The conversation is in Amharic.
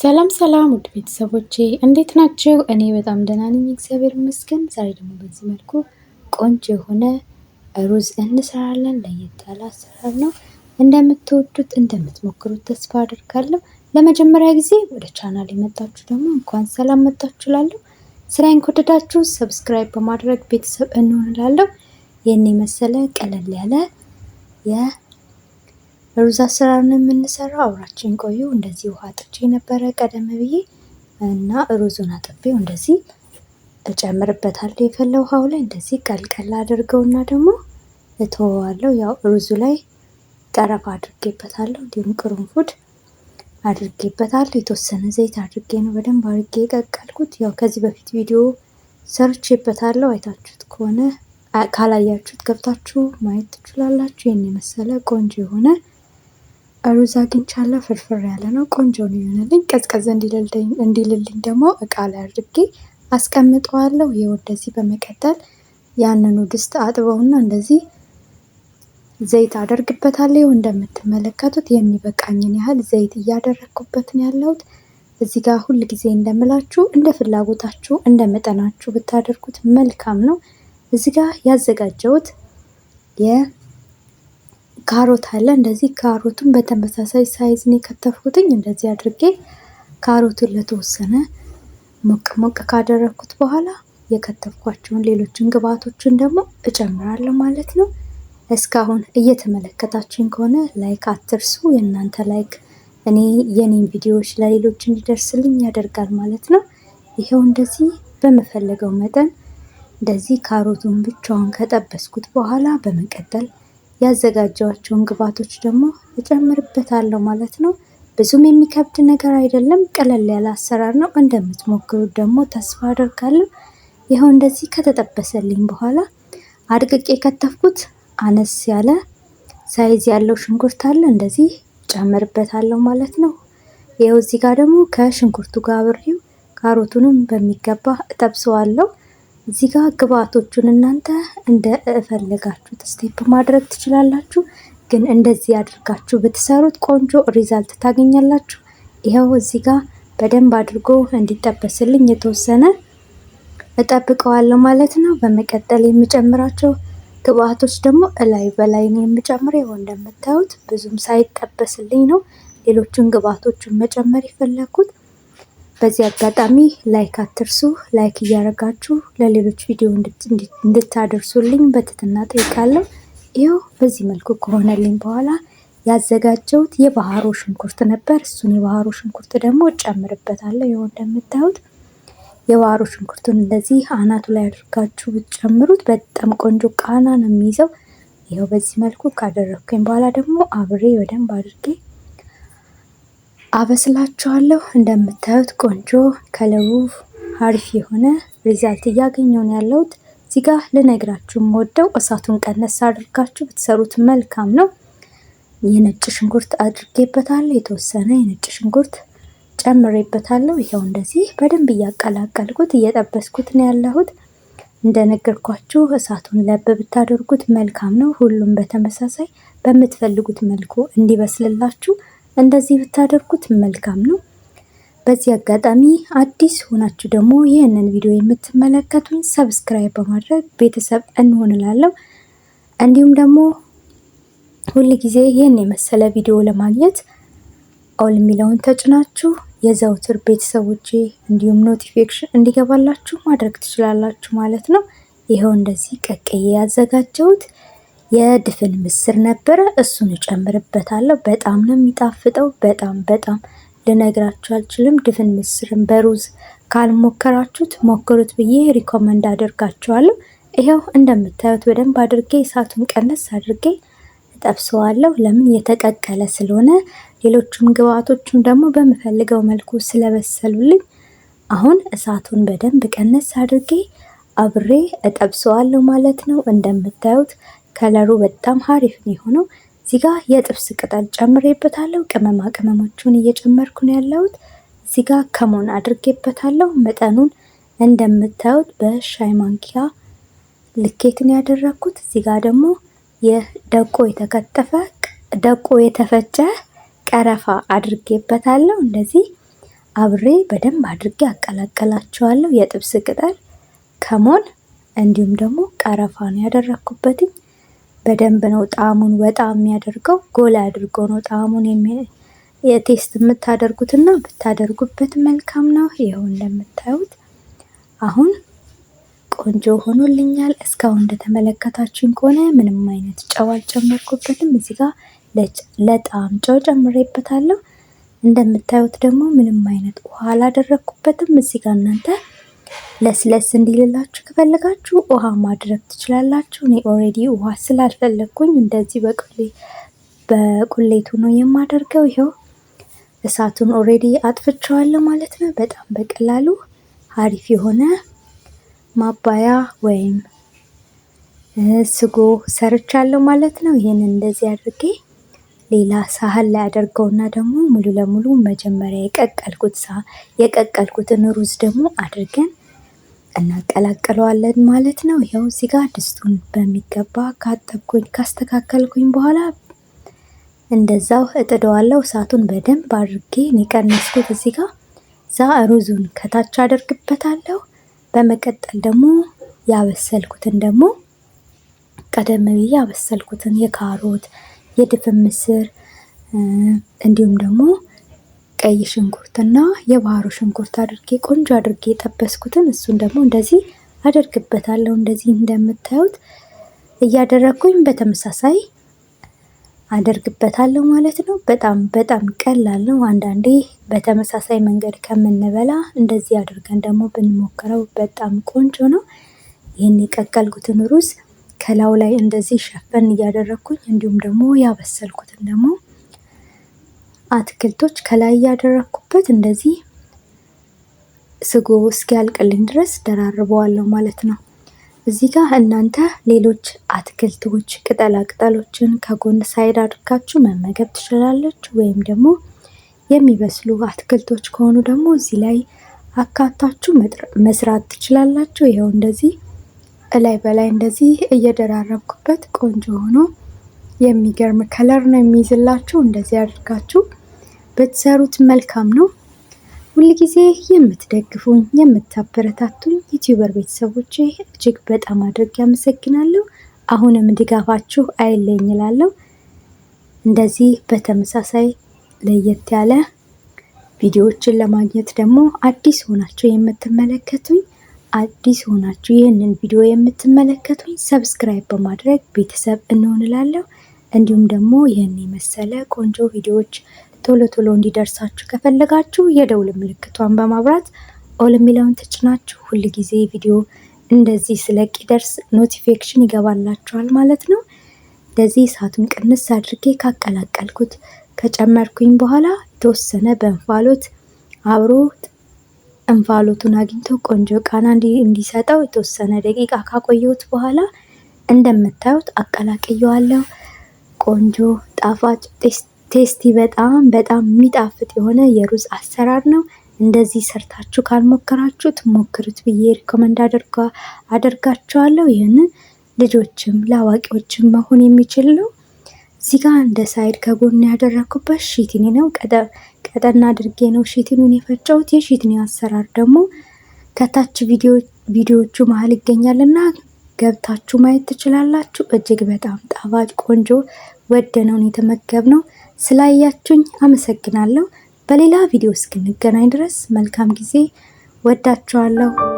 ሰላም ሰላም ውድ ቤተሰቦቼ እንዴት ናቸው? እኔ በጣም ደህና ነኝ፣ እግዚአብሔር ይመስገን። ዛሬ ደግሞ በዚህ መልኩ ቆንጆ የሆነ ሩዝ እንሰራለን። ለየት ያለ አሰራር ነው። እንደምትወዱት እንደምትሞክሩት ተስፋ አድርጋለሁ። ለመጀመሪያ ጊዜ ወደ ቻናል የመጣችሁ ደግሞ እንኳን ሰላም መጣችሁ እላለሁ። ስራዬን ከወደዳችሁ ሰብስክራይብ በማድረግ ቤተሰብ እንሆንላለሁ። ይህን የመሰለ ቀለል ያለ ሩዝ አሰራር ነው የምንሰራው። አብራችን ቆዩ። እንደዚህ ውሃ ጥቼ ነበረ ቀደም ብዬ እና ሩዙን አጥቤው እንደዚህ እጨምርበታለሁ የፈለው ውሃው ላይ እንደዚህ ቀልቀል እና ደግሞ እተወዋለሁ። ያው ሩዙ ላይ ቀረፋ አድርጌበታለሁ፣ እንዲሁም ቅርንፉድ አድርጌበታለሁ። የተወሰነ ዘይት አድርጌ ነው በደንብ አድርጌ የቀቀልኩት። ያው ከዚህ በፊት ቪዲዮ ሰርቼበታለሁ፣ አይታችሁት ከሆነ ካላያችሁት ገብታችሁ ማየት ትችላላችሁ። ይህን የመሰለ ቆንጆ የሆነ ሩዝ አግኝቻለሁ ፍርፍር ያለ ነው ቆንጆ ነው የሆነልኝ። ቀዝቀዝ እንዲልልኝ ደግሞ እቃ ላይ አድርጌ አስቀምጠዋለሁ። ይኸው እንደዚህ በመቀጠል ያንኑ ድስት አጥበውና እንደዚህ ዘይት አደርግበታለሁ። እንደምትመለከቱት የሚበቃኝን ያህል ዘይት እያደረግኩበት ነው ያለሁት። እዚህ ጋር ሁል ጊዜ እንደምላችሁ እንደ ፍላጎታችሁ እንደ መጠናችሁ ብታደርጉት መልካም ነው። እዚህ ጋር ያዘጋጀሁት የ ካሮት አለ እንደዚህ ካሮቱን በተመሳሳይ ሳይዝ ነው የከተፍኩትኝ። እንደዚህ አድርጌ ካሮቱን ለተወሰነ ሞቅ ሞቅ ካደረግኩት በኋላ የከተፍኳቸውን ሌሎችን ግብአቶችን ደግሞ እጨምራለሁ ማለት ነው። እስካሁን እየተመለከታችሁኝ ከሆነ ላይክ አትርሱ። የእናንተ ላይክ እኔ የኔን ቪዲዮዎች ለሌሎች እንዲደርስልኝ ያደርጋል ማለት ነው። ይኸው እንደዚህ በምፈለገው መጠን እንደዚህ ካሮቱን ብቻውን ከጠበስኩት በኋላ በመቀጠል ያዘጋጃቸውን ግብዓቶች ደግሞ እጨምርበታለሁ ማለት ነው። ብዙም የሚከብድ ነገር አይደለም፣ ቀለል ያለ አሰራር ነው። እንደምትሞክሩት ደግሞ ተስፋ አደርጋለሁ። ይኸው እንደዚህ ከተጠበሰልኝ በኋላ አድቅቄ የከተፍኩት አነስ ያለ ሳይዝ ያለው ሽንኩርት አለ፣ እንደዚህ ጨምርበታለሁ ማለት ነው። ይኸው እዚህ ጋር ደግሞ ከሽንኩርቱ ጋር አብሬው ካሮቱንም በሚገባ እጠብሰዋለሁ። እዚህ ጋር ግብአቶቹን እናንተ እንደ እፈልጋችሁት ስቴፕ ማድረግ ትችላላችሁ። ግን እንደዚህ አድርጋችሁ ብትሰሩት ቆንጆ ሪዛልት ታገኛላችሁ። ይኸው እዚህ በደንብ አድርጎ እንዲጠበስልኝ የተወሰነ እጠብቀዋለሁ ማለት ነው። በመቀጠል የምጨምራቸው ግብአቶች ደግሞ እላይ በላይ ነው የምጨምር። ይኸው እንደምታዩት ብዙም ሳይጠበስልኝ ነው ሌሎችን ግብአቶችን መጨመር የፈለኩት። በዚህ አጋጣሚ ላይክ አትርሱ። ላይክ እያደረጋችሁ ለሌሎች ቪዲዮ እንድታደርሱልኝ በትትና ጠይቃለሁ። ይኸው በዚህ መልኩ ከሆነልኝ በኋላ ያዘጋጀሁት የባህሮ ሽንኩርት ነበር። እሱን የባህሮ ሽንኩርት ደግሞ እጨምርበታለሁ። ይኸው እንደምታዩት የባህሮ ሽንኩርቱን እንደዚህ አናቱ ላይ አድርጋችሁ ብትጨምሩት በጣም ቆንጆ ቃና ነው የሚይዘው። ይኸው በዚህ መልኩ ካደረግኩኝ በኋላ ደግሞ አብሬ በደንብ አድርጌ አበስላችኋለሁ እንደምታዩት ቆንጆ ከለሩ አሪፍ የሆነ ሪዛልት እያገኘሁ ነው ያለሁት። እዚህ ጋር ልነግራችሁ የምወደው እሳቱን ቀነስ አድርጋችሁ ብትሰሩት መልካም ነው። የነጭ ሽንኩርት አድርጌበታለሁ። የተወሰነ የነጭ ሽንኩርት ጨምሬበታለሁ። ይኸው እንደዚህ በደንብ እያቀላቀልኩት እየጠበስኩት ነው ያለሁት። እንደነገርኳችሁ እሳቱን ለብ ብታደርጉት መልካም ነው። ሁሉም በተመሳሳይ በምትፈልጉት መልኩ እንዲበስልላችሁ እንደዚህ ብታደርጉት መልካም ነው። በዚህ አጋጣሚ አዲስ ሆናችሁ ደግሞ ይህንን ቪዲዮ የምትመለከቱን ሰብስክራይብ በማድረግ ቤተሰብ እንሆንላለሁ። እንዲሁም ደግሞ ሁል ጊዜ ይህን የመሰለ ቪዲዮ ለማግኘት ኦል የሚለውን ተጭናችሁ የዘውትር ቤተሰቦቼ እንዲሁም ኖቲፊኬሽን እንዲገባላችሁ ማድረግ ትችላላችሁ ማለት ነው። ይኸው እንደዚህ ቀቅዬ ያዘጋጀሁት የድፍን ምስር ነበረ። እሱን እጨምርበታለሁ። በጣም ነው የሚጣፍጠው። በጣም በጣም ልነግራችሁ አልችልም። ድፍን ምስርን በሩዝ ካልሞከራችሁት ሞክሩት ብዬ ሪኮመንድ አድርጋችኋለሁ። ይኸው እንደምታዩት በደንብ አድርጌ እሳቱን ቀነስ አድርጌ ጠብሰዋለሁ። ለምን የተቀቀለ ስለሆነ ሌሎቹም ግብአቶቹም ደግሞ በምፈልገው መልኩ ስለበሰሉልኝ አሁን እሳቱን በደንብ ቀነስ አድርጌ አብሬ እጠብሰዋለሁ ማለት ነው። እንደምታዩት ከለሩ በጣም ሀሪፍ ነው የሆነው። እዚጋ የጥብስ ቅጠል ጨምሬበታለሁ። ቅመማ ቅመሞቹን እየጨመርኩ ነው ያለሁት። እዚጋ ጋ ከሞን አድርጌበታለሁ። መጠኑን እንደምታዩት በሻይ ማንኪያ ልኬትን ያደረግኩት። እዚጋ ደግሞ የደቆ የተከተፈ ደቆ የተፈጨ ቀረፋ አድርጌበታለሁ። እንደዚህ አብሬ በደንብ አድርጌ አቀላቀላቸዋለሁ። የጥብስ ቅጠል ከሞን እንዲሁም ደግሞ ቀረፋ ነው ያደረግኩበትኝ። በደንብ ነው ጣዕሙን ወጣ የሚያደርገው ጎላ አድርጎ ነው ጣዕሙን የቴስት የምታደርጉትና ብታደርጉበት መልካም ነው። ይኸው እንደምታዩት አሁን ቆንጆ ሆኖልኛል። እስካሁን እንደተመለከታችን ከሆነ ምንም አይነት ጨው አልጨመርኩበትም። እዚህ ጋር ለጣዕም ጨው ጨምሬበታለሁ። እንደምታዩት ደግሞ ምንም አይነት ውሃ አላደረግኩበትም። እዚህ ጋር እናንተ ለስለስ እንዲልላችሁ ከፈለጋችሁ ውሃ ማድረግ ትችላላችሁ። እኔ ኦሬዲ ውሃ ስላልፈለግኩኝ እንደዚህ በቁሌቱ ነው የማደርገው። ይኸው እሳቱን ኦሬዲ አጥፍቼዋለሁ ማለት ነው። በጣም በቀላሉ አሪፍ የሆነ ማባያ ወይም ስጎ ሰርቻለሁ ማለት ነው። ይህን እንደዚህ አድርጌ ሌላ ሳህን ላይ አደርገውና ደግሞ ሙሉ ለሙሉ መጀመሪያ የቀቀልኩት የቀቀልኩትን ሩዝ ደግሞ አድርገን እናቀላቅለዋለን ማለት ነው። ይኸው እዚህ ጋር ድስቱን በሚገባ ካጠብኩኝ ካስተካከልኩኝ በኋላ እንደዛው እጥደዋለሁ። እሳቱን በደንብ አድርጌ ቀነስኩት። እዚህ ጋር እዛ ሩዙን ከታች አደርግበታለሁ። በመቀጠል ደግሞ ያበሰልኩትን ደግሞ ቀደም ብዬ ያበሰልኩትን የካሮት የድፍን ምስር እንዲሁም ደግሞ ቀይ ሽንኩርትና የባህሩ ሽንኩርት አድርጌ ቆንጆ አድርጌ የጠበስኩትን እሱን ደግሞ እንደዚህ አደርግበታለሁ። እንደዚህ እንደምታዩት እያደረግኩኝ በተመሳሳይ አደርግበታለሁ ማለት ነው። በጣም በጣም ቀላል ነው። አንዳንዴ በተመሳሳይ መንገድ ከምንበላ እንደዚህ አድርገን ደግሞ ብንሞክረው በጣም ቆንጆ ነው። ይህን የቀቀልኩትን ሩዝ ከላዩ ላይ እንደዚህ ሸፈን እያደረግኩኝ እንዲሁም ደግሞ ያበሰልኩትን ደግሞ አትክልቶች ከላይ ያደረኩበት እንደዚህ ስጎ እስኪያልቅልኝ ድረስ ደራርበዋለሁ ማለት ነው። እዚህ ጋር እናንተ ሌሎች አትክልቶች ቅጠላ ቅጠሎችን ከጎን ሳይድ አድርጋችሁ መመገብ ትችላለች። ወይም ደግሞ የሚበስሉ አትክልቶች ከሆኑ ደግሞ እዚህ ላይ አካታችሁ መስራት ትችላላችሁ። ይኸው እንደዚህ እላይ በላይ እንደዚህ እየደራረብኩበት ቆንጆ ሆኖ የሚገርም ከለር ነው የሚይዝላችሁ። እንደዚህ አድርጋችሁ በተሰሩት መልካም ነው። ሁልጊዜ የምትደግፉኝ የምታበረታቱኝ ዩቲዩበር ቤተሰቦቼ እጅግ በጣም አድርጌ አመሰግናለሁ። አሁንም ድጋፋችሁ አይለኝ እላለሁ። እንደዚህ በተመሳሳይ ለየት ያለ ቪዲዮዎችን ለማግኘት ደግሞ አዲስ ሆናችሁ የምትመለከቱኝ አዲስ ሆናችሁ ይህንን ቪዲዮ የምትመለከቱኝ ሰብስክራይብ በማድረግ ቤተሰብ እንሆንላለሁ። እንዲሁም ደግሞ ይህን የመሰለ ቆንጆ ቪዲዮዎች ቶሎ ቶሎ እንዲደርሳችሁ ከፈለጋችሁ የደውል ምልክቷን በማብራት ኦል የሚለውን ተጭናችሁ ሁል ጊዜ ቪዲዮ እንደዚህ ስለቅ ደርስ ኖቲፊኬሽን ይገባላችኋል ማለት ነው። እንደዚህ እሳቱን ቅንስ አድርጌ ካቀላቀልኩት ከጨመርኩኝ በኋላ የተወሰነ በእንፋሎት አብሮ እንፋሎቱን አግኝቶ ቆንጆ ቃና እንዲሰጠው የተወሰነ ደቂቃ ካቆየሁት በኋላ እንደምታዩት አቀላቅየዋለሁ። ቆንጆ ጣፋጭ ቴስት ቴስቲ በጣም በጣም የሚጣፍጥ የሆነ የሩዝ አሰራር ነው። እንደዚህ ሰርታችሁ ካልሞከራችሁት ሞክሩት ብዬ ሪኮመንድ አደርጋችኋለሁ። ይህንን ልጆችም ለአዋቂዎችም መሆን የሚችል ነው። እዚህ ጋር እንደ ሳይድ ከጎን ያደረኩበት ሺትኒ ነው። ቀጠና አድርጌ ነው ሺትኒን የፈጨሁት። የሺትኒ አሰራር ደግሞ ከታች ቪዲዮዎቹ መሀል ይገኛልና ገብታችሁ ማየት ትችላላችሁ። እጅግ በጣም ጣፋጭ ቆንጆ ወደነውን የተመገብ ነው። ስላያችሁኝ አመሰግናለሁ። በሌላ ቪዲዮ እስክንገናኝ ድረስ መልካም ጊዜ። ወዳችኋለሁ።